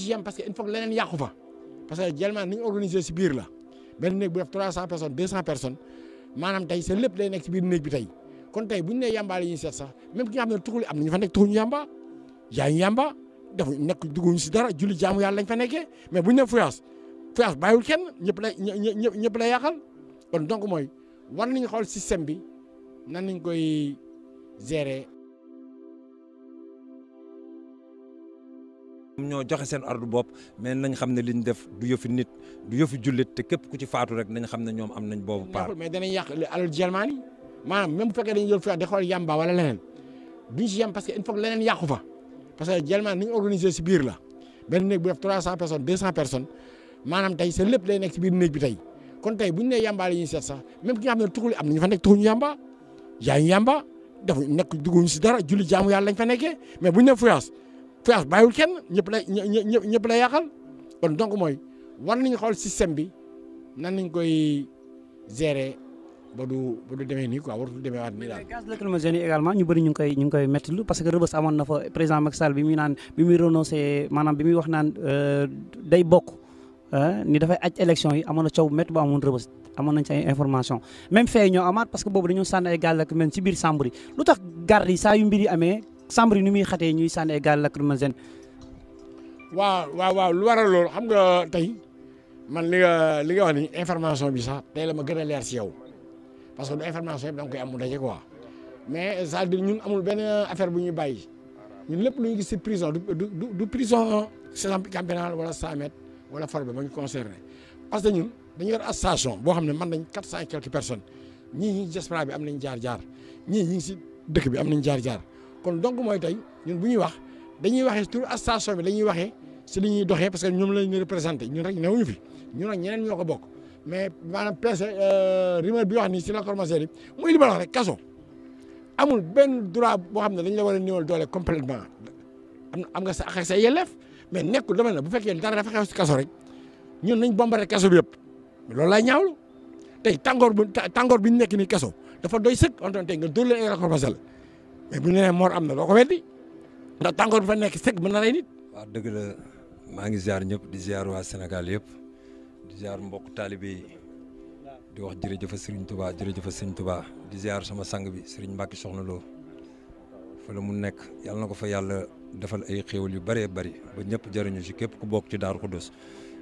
ci yem parce que il faut que leneen yàqu fa parce que jëlmaan ni ñu la benn néeg bu def 300 personnes 200 personnes maanaam tey sa lépp nekk si biir bi tey kon tey bu ñu nee yàmbaa la ñuy ki nga xam ne jaay ñu defu nekk dugguñu si dara julli jaamu yàlla lañ fa nekkee mais bu ñu fuyaas fuyaas bàyyiwul kenn ñëpp lay ñë ñëpp lay yàqal war nañu xool système bi nan nañ koy gérer. ñoo joxe seen ardu bopp mais nañ xam ne li def du yëfu nit du yëfu jullit te képp ku ci faatu rek nañ xam ne ñoom am nañ boobu paar mais danañ yàq alal Germanie maanaam bu fekkee dañu jël fi di xool yamba wala nekk dugguñu si dara julli jaamu yàlla lañ fa nekkee mais bu ñu nee fouillance fees bàyyiwul kenn ñëpp lay ñëpp ñëpp lay yàqal kon donc mooy war nañu xool système bi nan nañ koy gérer ba du ba du demee nii quoi warul demee waat nii koy ñu ngi koy méttilu parce que bi muy naan bi muy renoncé maanaam euh, dafay aj élection yi amoon na coow métti bu amoon Rebeuss amoon nañ ci ay information même fee ñoo boobu dañoo sànni ay gaz lacrymogène ci biir Sambour lu tax garde saa yu amee. chambre yi ni muy xatee ñuy sànni ay gaz lacrymogène. waaw waaw waaw lu waral loolu xam nga tey man li nga li nga wax information bi sax tey la ma gën a leer si yow parce que du information yëpp da nga koy am mu amul benn affaire bu ñuy bàyyi ñun lépp lu ñu gis si prison du du du prison camp pénal wala 100 mètres wala Farba ma ñu concerné parce que ñun dañu yor association boo xam ne man nañ 400 et quelques personnes ñi ci am nañ jaar jaar ñii ñi si dëkk bi am nañ jaar jaar. kon donc mooy tey ñun bu ñuy wax dañuy waxee tur station bi dañuy waxee si li ñuy doxee parce que ñoom lañu représenté ñun rek newuñu fi ñun nag ñeneen ñoo ko bokk mais maanaam PC euh, rumeur bi wax nii si la commencé yi muy li ma wax rek kaso amul benn droit boo xam ne dañ la war a néewal doole complètement na am nga sa ak sa yelleef mais nekkul dama ne bu fekkee dara dafa xew si kaso rek ñun nañ bombardé kaso bi yëpp loolu laay ñaawlu tey tàngoor bu tàngoor bi ñu nekk nii kaso dafa doy sëkk on dirait nga dóor leen ay mais bu ñu nee am na doo ko weddi ndax tàngoor bi fa nekk sëg mën na rey nit. waaw dëgg la maa ngi ziar ñëpp di ziar waa Sénégal yëpp di ziar mbokk taalibe yi di wax jërëjëf Serigne Touba jërëjëf Serigne Touba di ziar sama sang bi Serigne Mbacke Soxna Lo fa la mu nekk yàlla na ko fa yàlla defal ay xéewal yu bëree bëri ba ñëpp jariñu si képp ku bokk ci Daaru Xudoos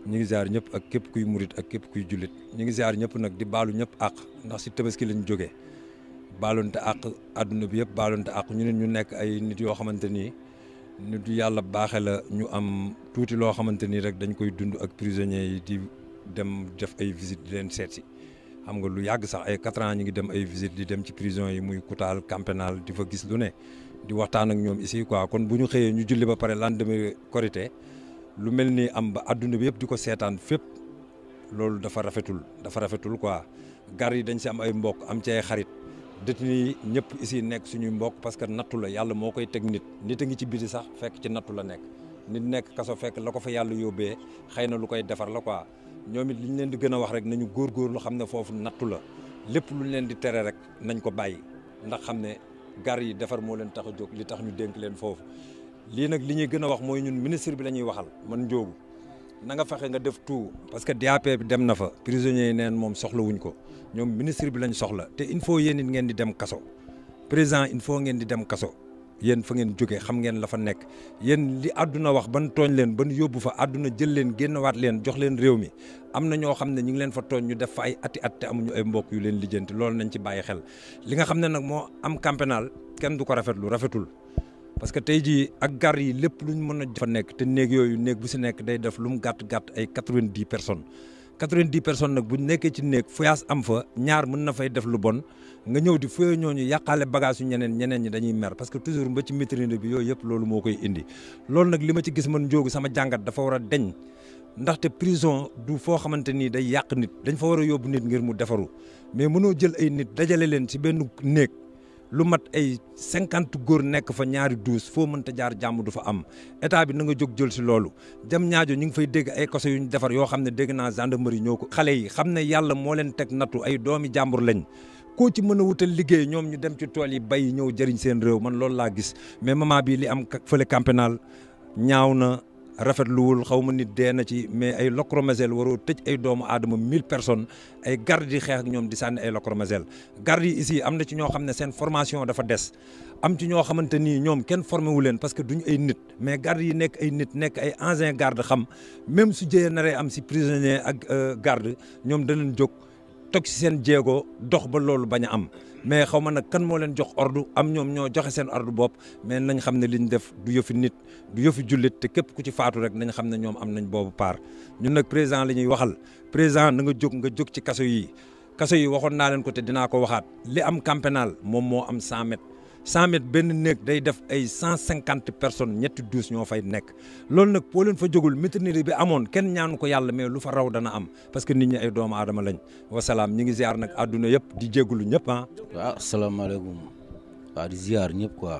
ñu ngi ziar ñëpp ak képp kuy murit ak képp kuy jullit ñu ngi ziar ñëpp nag di baalu ñëpp àq ndax si tabaski lañ jógee. baalonte àq àdduna bi yëpp baalonte àq ñu ne ñu nekk ay nit yoo xamante ni nit yu yàlla baaxe la ñu am tuuti loo xamante ni rek dañ koy dund ak prisonniers yi di dem def ay visite di leen seet si xam nga lu yàgg sax ay quatre ans ñu ngi dem ay visite di dem ci prison yi muy Koutal camp pénal di fa gis lu ne di waxtaan ak ñoom ici quoi kon bu ñu xëyee ñu julli ba pare lendemain Korité lu mel ni am ba àdduna bi yëpp di ko seetaan fépp loolu dafa rafetul dafa rafetul quoi gar yi dañ si am ay mbokk am ci ay xarit détenu yi ñëpp ici nekk suñuy mbokk parce que nattu la yàlla moo koy teg nit nit a ngi ci biti sax fekk ci nattu la nekk nit nekk kaso fekk la ko fa yàlla yóbbee xëy na lu koy defar la quoi ñoom it li ñu leen di gën a wax rek nañu góorgóorlu xam ne foofu nattu la lépp lu ñu leen di tere rek nañ ko bàyyi ndax xam ne gar yi defar moo leen tax a jóg li tax ñu dénk leen foofu lii nag li ñuy gën a wax mooy ñun ministre bi la ñuy waxal man Ndiogou na nga fexe nga def tout parce que DAP bi dem na fa prisonniers yi neen moom soxlawuñ ko ñoom ministre bi lañ soxla te il faut yéen it ngeen di dem kaso président il faut ngeen di dem kaso yéen fa ngeen jógee xam ngeen la fa nekk yéen li àdduna wax ban tooñ leen ban yóbbu fa àdduna jël leen génnawaat leen jox leen réew mi am na ñoo xam ne ñu ngi leen fa tooñ ñu def fa ay ati at te amuñu ay mbokk yu leen lijjanti loolu nañ ci bàyyi xel li nga xam ne nag moo am campagnal kenn du ko rafetlu rafetul parce que tey jii ak gar yi lépp lu luñ mën a fa nekk te néeg yooyu néeg bu si nekk day def lu mu gàtt gàtt ay quatre-vingt-dix personnes quatre-vingt-dix personnes nag buñ nekkee ci néeg fuyaas am fa ñaar mën na fay def lu bon nga ñëw di fuyee ñooñu yàqale bagage yu ñeneen ñeneen ñi dañuy mer parce que toujours mba ci vitrine bi yooyu yëpp loolu moo koy indi loolu nag li ma ci gis man njóogu sama jàngat dafa war a deñ ndaxte prison du foo xamante ni day yàq nit dañ fa war a yóbbu nit ngir mu defaru mais mënoo jël ay nit dajale leen ci benn néeg lu mat ay cinquante góor nekk fa ñaari douze foo mënta jaar jàmb du fa am état bi na nga jóg jël si loolu jam ñaajo ñu ngi fay dégg ay koso yu ñu defar yoo xam ne dégg naa gendarmerie ñoo ko xale yi xam ne yàlla moo leen teg nattu ay doomi jàmbur lañ koo ci mën a wutal liggéey ñoom ñu dem ci tool yi bay ñëw jëriñ seen réew man loolu laa gis mais moment bii li am fële campenal ñaaw na rafetluwul xaw ma nit dee na ci mais ay lacrymogène waroo tëj ay doomu aadama mille personnes ay garde di xeex ak ñoom di sànni ay lacrymogène garde yi ici am na ci ñoo xam ne seen formation dafa des am ci ñoo xamante ni ñoom kenn formé wu leen parce que duñu ay nit mais garde yi nekk ay nit nekk ay ancien garde xam même su na naree am si prisonnier ak euh, garde ñoom danañ jóg tog ci seen jéego dox ba loolu bañ am mais xaw ma nag kan moo leen jox ordu am ñoom ñoo joxe seen ordre bopp mais nañ xam ne li ñu def du yëfi nit du yëfi jullit te képp ku ci faatu rek nañ xam ne ñoom am nañ boobu paar ñun nag président la ñuy waxal président na nga jóg nga jóg ci kaso yi kaso yi waxoon naa leen ko te dinaa ko waxaat li am camp moom moo am 100 100 mètres benn néeg day def ay 150 personnes ñetti douze ñoo fay nekk loolu nag boo leen fa jógul maternité bi amoon kenn ñaanu ko yàlla mais lu fa raw dana am parce que nit ñi ay doomu aadama lañ wasalaam ñi ngi ziar nag àdduna yëpp di jégalu ñëpp ah. waaw asalaamaaleykum waaw di ziar ñëpp quoi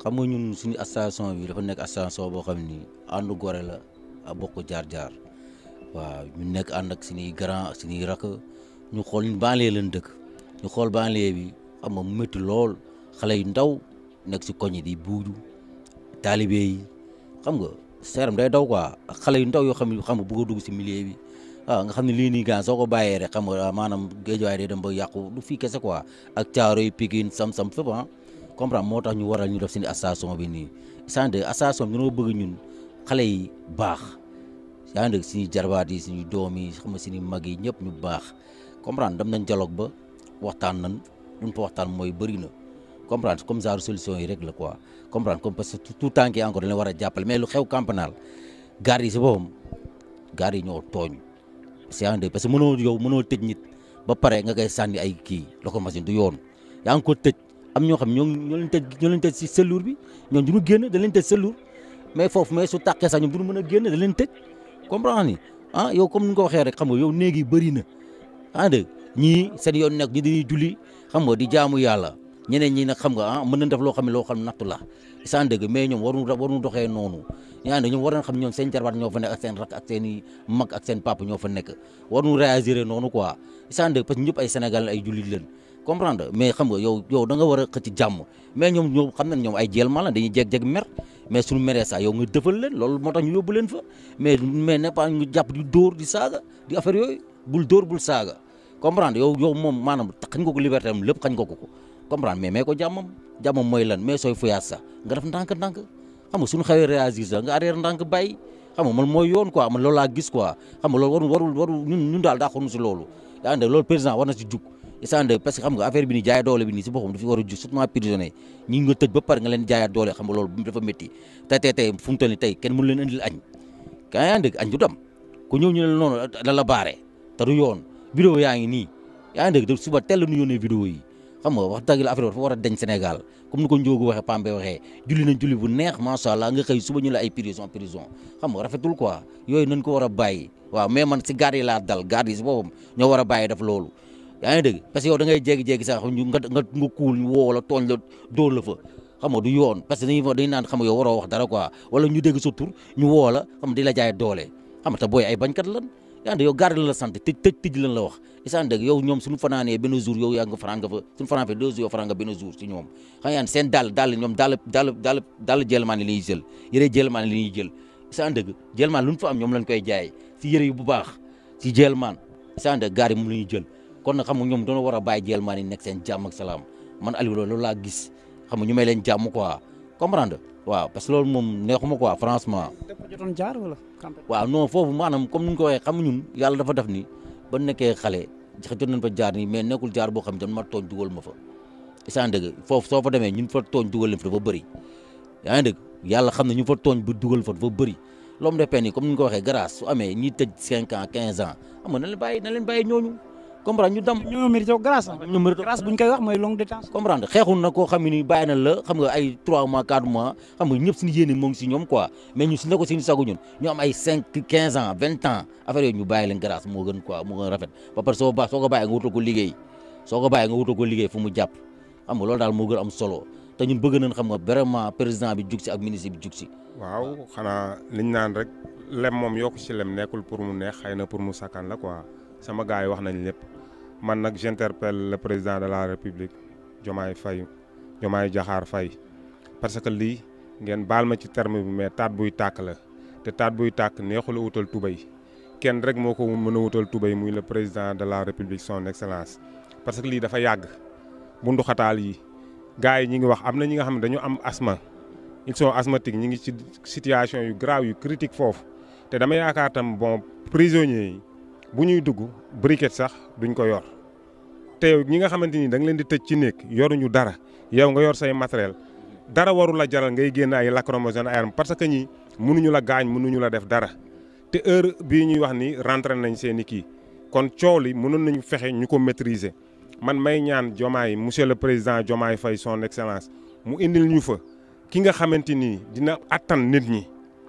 xam nga ñun suñu association bi dafa nekk association boo xam ni àndu gore la a bokk jaar-jaar waaw ñu nekk ànd ak suñuy grand suñuy rakk ñu xool ñun banlieue lañ dëkk ñu xool banlieue bi xam nga mu métti lool. xale yu ndaw nekk si koñ yi di buuju taalibe yi xam nga seeram day daw quoi xale yu ndaw yoo xam ne xam nga bëgg a dugg ci milieu bi waaw nga xam ne lii nii gaan soo ko bàyyee rek xam nga maanaam géejuwaay day dem ba yàqu du fii kese quoi ak caaro yi Pikine sam-sam fépp ah comprendre moo tax ñu waral ñu def seen association bi nii sant association bi ñoo bëgg ñun xale yi baax yaa ngi dégg suñuy jarbaat doom yi xam nga suñuy yi ñëpp ñu baax comprendre dem nañ dialogue ba waxtaan nan luñ fa waxtaan mooy bëri na comprendre comme genre solution yi rek la quoi comprendre comme parce que tout temps ki encore war a jàppale mais lu xew campanal gaar si boppam gaar ñoo tooñ c'est en deux parce que mënoo yow mënoo tëj nit ba pare nga koy sànni ay kii locomotion du yoon yaa ngi ko tëj am ñoo xam ñoo ñoo leen tëj bi ñoom du ñu génn da leen tëj foofu mais su tàqee sax ñoom du ñu mën a génn da leen ni ah yow comme ni nga ko yow néeg yi bëri ah ñii seen yoon nekk ñi dañuy ñeneen ñi nag xam nga ah mën nañ def loo xam ne loo xam ne nattu la san dëgg mais ñoom waru waru doxee noonu yaa ngi ñoom war nañ xam ñoom seen jarbaat ñoo fa nekk ak seen rak ak seen mag ak seen papa ñoo fa nekk waru réagir noonu quoi san dëgg parce que ñëpp ay Sénégal ay jullit leen comprendre mais xam nga yow yow da nga war a xëcc jàmm mais ñoom ñoo xam nañ ñoom ay jeel ma la dañuy jeg-jeg mer mais suñu meree sax yow nga dëfal leen loolu moo tax ñu yóbbu leen fa mais mais n'est jàpp di dóor di saaga di yooyu bul dóor bul saaga comprendre yow yow moom maanaam xañ nga ko liberté am lépp xañ nga ko ko comprendre mais mais sooy fuyaas nga def ndànk-ndànk xam nga suñu xawee réagir nga arrière ndànk bàyyi xam nga mooy yoon quoi man loolu gis quoi xam nga loolu warul daal daa xonu si loolu yaa ngi loolu président war na si jug isande parce que xam nga affaire bi ni doole bi nii si boppam dafa war a jug surtout prisonnier ñi nga tëj ba pare nga leen jaayaat doole xam loolu dafa métti tey tey tey fu mu leen indil añ kaa yaa ngi dégg añ du ku ñëw ñu la xam nga wax dëgg la affaire war a deñ Sénégal comme ni ko Ndiogu waxee Pambe waxee julli nañ julli bu neex macha allah nga xëy suba ñu la ay prison prison xam nga rafetul quoi yooyu nañ ko war a bàyyi waaw mais man si garde yi laa dal garde yi si boppam ñoo war a bàyyi def loolu yaa ngi dégg parce que yow da ngay jékki-jékki sax ñu nga nga nga kuul ñu woo tooñ la dóor fa xam nga du yoon parce que dañuy dañuy naan xam nga yow waroo wax dara quoi wala ñu dégg sa tur ñu woo la xam di la jaay doole xam nga te booy ay bañkat lan yaa ngi yow garde la sant tëj tëj tëj lañ la wax isaan dëgg yow ñoom suñu fanaanee benn jour yow yaa nga fanaan nga fa suñu fanaan fa deux yow fanaan nga benn jour si ñoom xam yaan seen dàll dàll ñoom dàll dàll dàll yi la ñuy jël yëre jelmaan yi la ñuy jël isaan dëgg jelmaan lu ñu fa am ñoom lañ koy jaay si yëre yu bu baax si jelmaan isaan dëgg gaar yi moom la ñuy jël kon na xam nga ñoom doono war a bàyyi jelmaan yi nekk seen jàmm ak salaam man Aliou loolu laa gis xam nga ñu may leen jàmm quoi comprendre waaw parce que loolu moom neexuma quoi franchement. dëpp jotoon jaar wala. waaw non foofu maanaam comme ni nga ko waxee xam ñun yàlla dafa def ni ba nekkee xale jot nañ fa jaar nii mais nekkul jaar boo xam ne dañ ma tooñ dugal ma fa. isaan dëgg foofu soo fa demee ñun fa tooñ dugal fa dafa bari yaa dëgg yàlla xam ne ñu fa tooñ bu dugal fa dafa bëri l'homme de peine yi comme ni nga ko waxee grâce su amee ñiy tëj 5 ans 15 ans ñooñu. comprendre ñu dam ñoo mérité grâce ñoo mérité grâce buñ koy wax mooy longue détention comprendre xeexul na koo xam ni bàyyi na la xam nga moo gën am solo te ñun bëgg xam nga vraiment président bi jug si bi jug waaw xanaa liñ naan rek lem moom yokku si lem nekkul pour mu neex xëy na pour mu sakkan la quoi sama gars yi wax nañu lépp man nag j'interpelle la président de la république Diomaye Faye Diomaye jaxaar fay parce que lii ngeen baal ma ci terme bi mais taat buy tàkk la te taat buy tàkk neexula wutal tubéy kenn rek moo ko mën a wutal tubay muy la président de la république son excellence parce que lii dafa yàgg bunduxataal yi gars yi ñi ngi wax am na ñi nga xam ne dañu am asthme ils sont asthmatiques ñi ngi ci situation yu graaw yu critique foofu te dama yaakaar tam bon prisonniers bu ñuy dugg briquette sax duñ ko yor te yow ñi nga xamante ni da leen di tëj ci néeg yoruñu dara yow nga yor say matériel dara warul la jaral ngay génn ay lacrymogène ay arme parce que ñi mënuñu la gaañ mënuñu la def dara te heure bii ñuy wax ni rentre nañ seen i kii kon coow li mënoon nañu fexe ñu ko maîtriser man may ñaan Diomaye monsieur le président Diomaye Faye son excellence mu indi ñu fa ki nga xamante ni dina attan nit ñi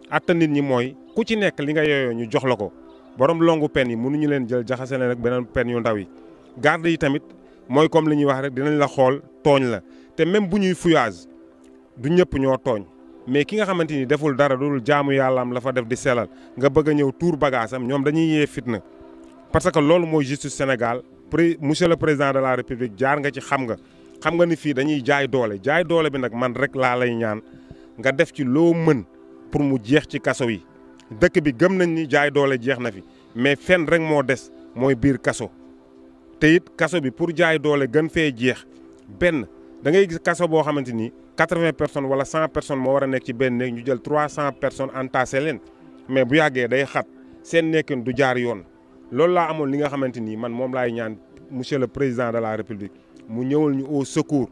attan nit ñi mooy ku ci nekk li nga yooyoo ñu jox la ko. borom longu pen yi mënuñu leen jël jaxase leen rek beneen pen yu ndaw yi garde yi tamit mooy comme li ñuy wax rek dinañ la xool tooñ la te même bu ñuy fouillage du ñëpp ñoo tooñ mais ki nga xamante ni deful dara dul jaamu yàllaam la fa def di selal nga bëgg a ñëw tuur bagage am ñoom dañuy yee fitna parce que loolu mooy justice Sénégal pré monsieur le président de la république jaar nga ci xam nga xam nga ni fii dañuy jaay doole jaay doole bi nag man rek laa lay ñaan nga def ci loo mën pour mu jeex ci kaso yi. dëkk bi gëm nañ ni jaay doole jeex na fi mais fenn rek moo des mooy biir kaso te it kaso bi pour jaay doole gën fee jeex benn da ngay gis kaso boo xamante ni quatre-vingts personnes wala cent personnes moo war a nekk ci benn néeg ñu jël trois cent personnes entassé leen mais bu yàggee day xat seen nekkin du jaar yoon loolu laa amoon li nga xamante ni man moom laay ñaan monsieur le président de la république mu ñëwal ñu au secours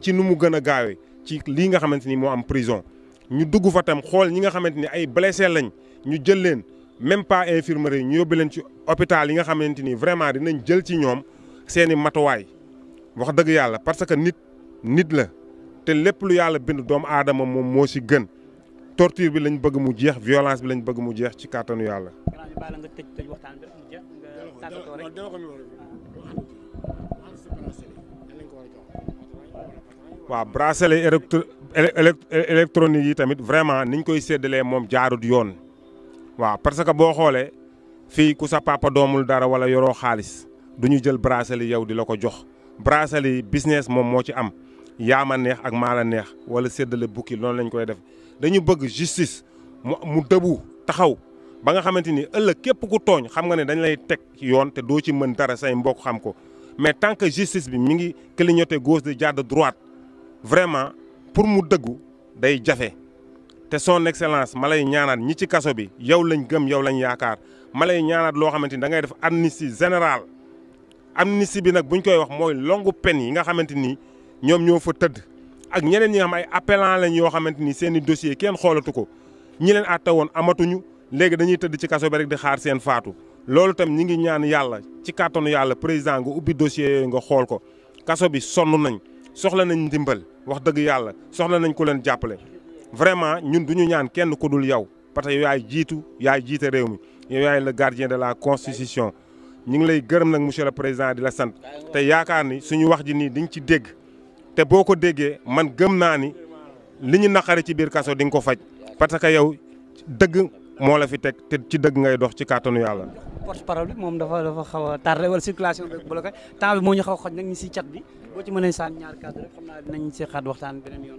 ci nu mu gën a gaawee ci lii nga xamante ni moo am prison ñu dugg fa tam xool ñi nga xamante ni ay blessé lañ. ñu jël leen même pas infirmerie yi ñu yóbbu leen ci hôpital yi nga xamante ni vraiment dinañ jël ci ñoom seen i matuwaay wax dëgg yàlla parce que nit nit la te lépp lu yàlla bind doomu aadama moom moo si gën torture bi lañ bëgg mu jeex violence bi lañ bëgg mu jeex ci kàttanu yàlla. waaw bracelet électronique yi tamit vraiment niñ koy séddalee moom jaarut yoon. waaw parce que boo xoolee fii ku sa papa doomul dara wala yoroo xaalis du ñu jël bracelet yow di la ko jox bracelet yi business moom moo ci am yaa a neex ak maa la neex wala séddale bukki noonu lañ koy def dañu bëgg justice mu mu dëbu taxaw ba nga xamante ni ëllëg képp ku tooñ xam nga ne dañ lay teg yoon te doo ci mën dara say mbokk xam ko mais tant que justice bi mi ngi clignoter gauche di jàdd droite vraiment pour mu dëggu day jafe. te son excellence ma lay ñaanaat ñi ci kaso bi yow lañ gëm yow lañ yaakaar ma lay ñaanaat loo xamante ni da ngay def amnistie générale amnistie bi nag buñ koy wax mooy longu peine yi nga xamante ni ñoom ñoo fa tëdd ak ñeneen ñi nga xam ay appellant lañ yoo xamante ni seen i dossier kenn xoolatu ko ñi leen àtte woon amatuñu léegi dañuy tëdd ci kaso bi rek di xaar seen faatu loolu tam ñi ngi ñaan yàlla ci kàttanu yàlla président nga ubbi dossier nga xool ko kaso bi sonn nañ soxla nañ ndimbal wax dëgg yàlla soxla nañ ku leen jàppale vraiment ñun du ñu ñaan kenn ku dul yow parce que yaay jiitu yaay jiita réew mi yow yaay le gardien de la constitution ñu ngi lay gërëm nag monsieur le président di la sant te yaakaar ni suñu wax ji nii di ci dégg te boo ko déggee man gëm naa ni li ñu naqari ci biir kaso di nga ko faj parce que yow dëgg moo la fi teg te ci dëgg ngay dox ci kàttanu yàlla. porte parole bi moom dafa dafa xaw a tardé wala moo xaw a xoj nag ñu si cat bi boo ci mënee sànni ñaar kàddu rek xam naa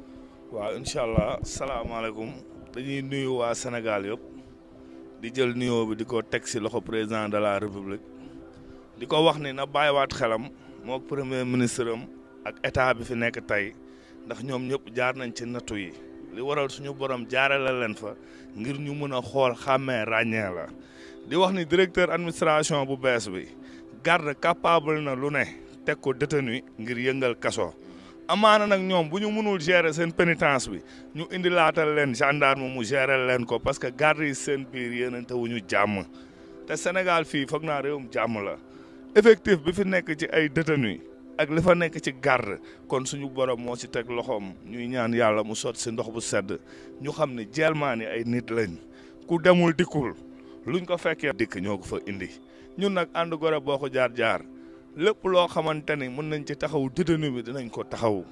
waaw incha allah salaamaaleykum dañuy nuyu waa Sénégal yëpp di jël nuyoo bi di ko teg si loxo président de la république di ko wax ni na bàyyiwaat xelam moo premier ministre am ak état bi fi nekk tey ndax ñoom ñëpp jaar nañ ci nattu yi li waral suñu borom jaarale leen fa ngir ñu mën a xool xàmmee ràññee la di wax ni directeur administration bu bees bi garde capable na lu ne teg ko détenu ngir yëngal kaso amaana nag ñoom bu ñu mënul gere seen pénitence bi ñu indi laatal leen gendarme mu gérer leen ko parce que garde yi seen biir yéenante wu ñu jàmm te Sénégal fii foog naa réewum jàmm la effectif bi fi nekk ci ay détenus ak li fa nekk ci garde kon suñu borom moo si teg loxoom ñu ñaan yàlla mu sot si ndox bu sedd ñu xam ne jelmaan yi ay nit lañ ku demul dikkul luñ ko fekkee dikk ñoo gu fa indi ñun nag ànd gore boo ko jaar jaar. lépp loo xamante ne mën nañ ci taxawu détenu bi dinañ ko taxaw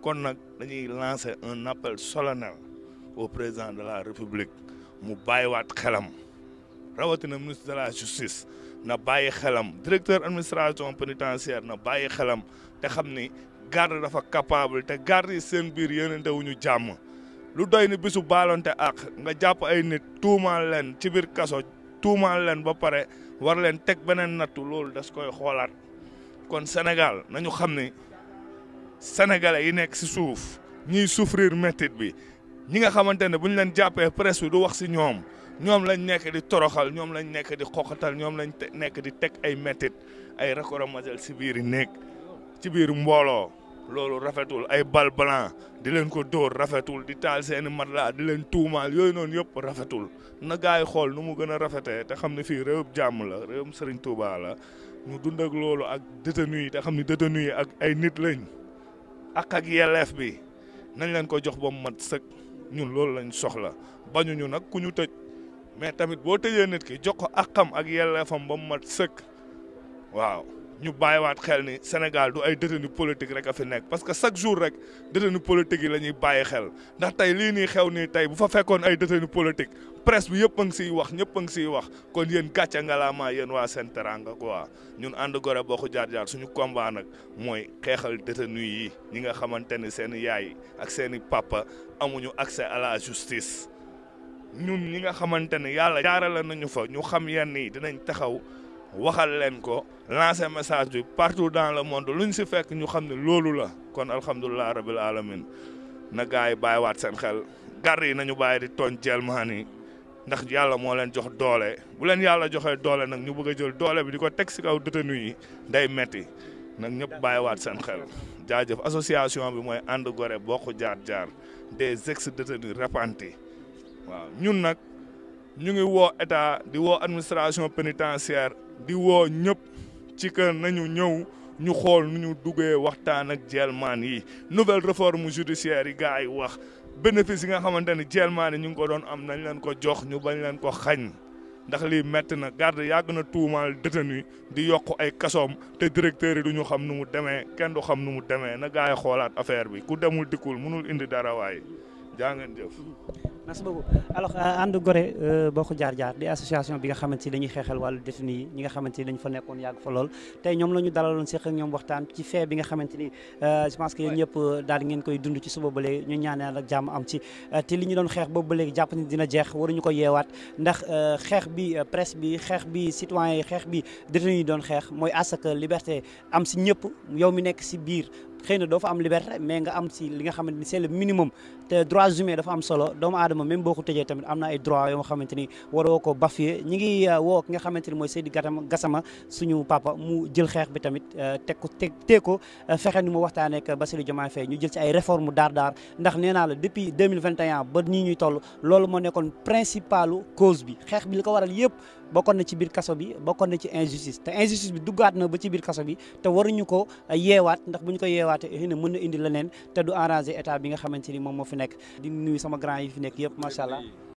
kon nag dañuy lancer un appel solennel au président de la république mu bàyyiwaat xelam rawatina ministre de la justice na bàyyi xelam directeur administration pénitentiaire na bàyyi xelam te xam ni garde dafa capable te garde yi seen biir yéenante wuñu jàmm lu doy ni bisu baalonte ak nga jàpp ay nit tuumaal leen ci biir kaso tuumaal leen ba pare war leen teg beneen nattu loolu das koy xoolaat kon Sénégal nañu xam ne sénégalais yi nekk si suuf ñiy souffrir métit bi ñi nga xamante ne bu ñu leen jàppee presse bi du wax si ñoom ñoom lañ nekk di toroxal ñoom lañ nekk di xoqatal ñoom lañ nekk di teg ay métit ay raccourcissement si biir néeg ci biir mbooloo loolu rafetul ay bal blanc di leen ko dóor rafetul di taal seeni laa di leen tuumaal yooyu noonu yëpp rafetul na gaa xool nu mu gën a rafete te xam ne fii réewum jàmm la réewum Serigne Touba la ñu dund ak loolu ak détenu yi te xam ni détenu ak ay nit lañ ak ak yelleef bi nañ leen ko jox ba mu mat sëk ñun loolu lañ soxla bañuñu nag ku ñu tëj mais tamit boo tëjee nit ki jox ko xam ak yelleefam ba mu mat sëk waaw. ñu bàyyiwaat xel ni Sénégal du ay détenu politique rek a fi nekk parce que chaque jour rek détenu politique yi la ñuy bàyyi xel ndax tey lii nii xew nii tey bu fa fekkoon ay détenu politique presse bi yëpp a ngi siy wax ñëpp a ngi siy wax kon yéen gàcce ngalaamaa yéen waa Sen Teranga quoi ñun ànd gore bokk jaar jaar suñu combat nag mooy xeexal détenu yi ñi nga xamante ne seen yaay ak seen i papa amuñu accès à la justice ñun ñi nga xamante ne yàlla jaarale nañu fa ñu xam yenn yi dinañ taxaw. waxal leen ko lancer message bi partout dans le monde lu ñu si fekk ñu xam ne loolu la kon alhamdulilah rabil alamin na gars yi bàyyiwaat seen xel gar yi nañu bàyyi di tooñ jelmaan yi ndax yàlla moo leen jox doole bu leen yàlla joxe doole nag ñu bëgg a jël doole bi di ko teg si kaw détenu yi day metti nag ñëpp bàyyiwaat seen xel jaajëf association bi mooy ànd gore boo bokk jaar jaar des ex détenus repentis waaw ñun nag ñu ngi woo état di woo administration pénitentiaire di woo ñëpp ci que nañu ñëw ñu xool nu ñu duggee waxtaan ak jelmaan yi nouvelle réforme judiciaire yi gars yi wax bénéfice yi nga xamante ni jelmaan yi ñu ngi ko doon am nañ leen ko jox ñu bañ leen ko xañ ndax lii mett na garde yàgg na tuumaal détenu di yokk ay kasoom te directeur yi du ñu xam nu mu demee kenn du xam nu mu demee na gars yi xoolaat affaire bi ku demul dikkul mënul indi dara waaye jaa ngeen jëf. merci beaucoup alors ànd euh, gore euh, bokk jaar jaar di association bi nga xamante ni dañuy xeexal wàllu détenu yi ñi nga xamante ni dañu fa nekkoon yàgg fa lool te ñoom la ñu dalaloon seq ak ñoom waxtaan ci fee bi nga xamante ni euh, je pense que ñëpp daal di koy dund ci suba ñu ñaanal ak jàmm am ci li ñu doon xeex boobu ba léegi jàpp ni dina jeex waruñu ko yeewaat ndax xeex bi presse bi xeex bi citoyen yi xeex bi détenu ñi doon xeex mooy àsak liberté am si ñëpp yow mi nekk si biir xëy na doo fa am liberté mais nga am si li nga xamante ni c'est le minimum te droits humains dafa am solo doomu aadama même boo ko tëjee tamit am na ay droits yoo xamante ni waroo ko bafouer ñi ngi euh, woo ki nga xamante ni mooy Seydi Gassama suñu papa mu jël xeex bi tamit euh, teg ko teg teg ko euh, fexe nu mu waxtaanee ak Bassirou Diomaye Faye ñu jël si ay réformes daar daar ndax nee naa la depuis 2021 ba nii ñuy toll loolu moo nekkoon principalu cause bi xeex bi li ko waral yëpp bokkoon na ci biir kaso bi bokkoon na ci injustice te injustice bi duggaat na ba ci biir kaso bi te waruñu ko eh, yeewaat ndax bu ñu ko yeewaatee xëy eh, na mën na indi neen te du arranger état bi nga xamante ni moom moo fi nekk di nuyu sama grand yi fi nekk yëpp macha allah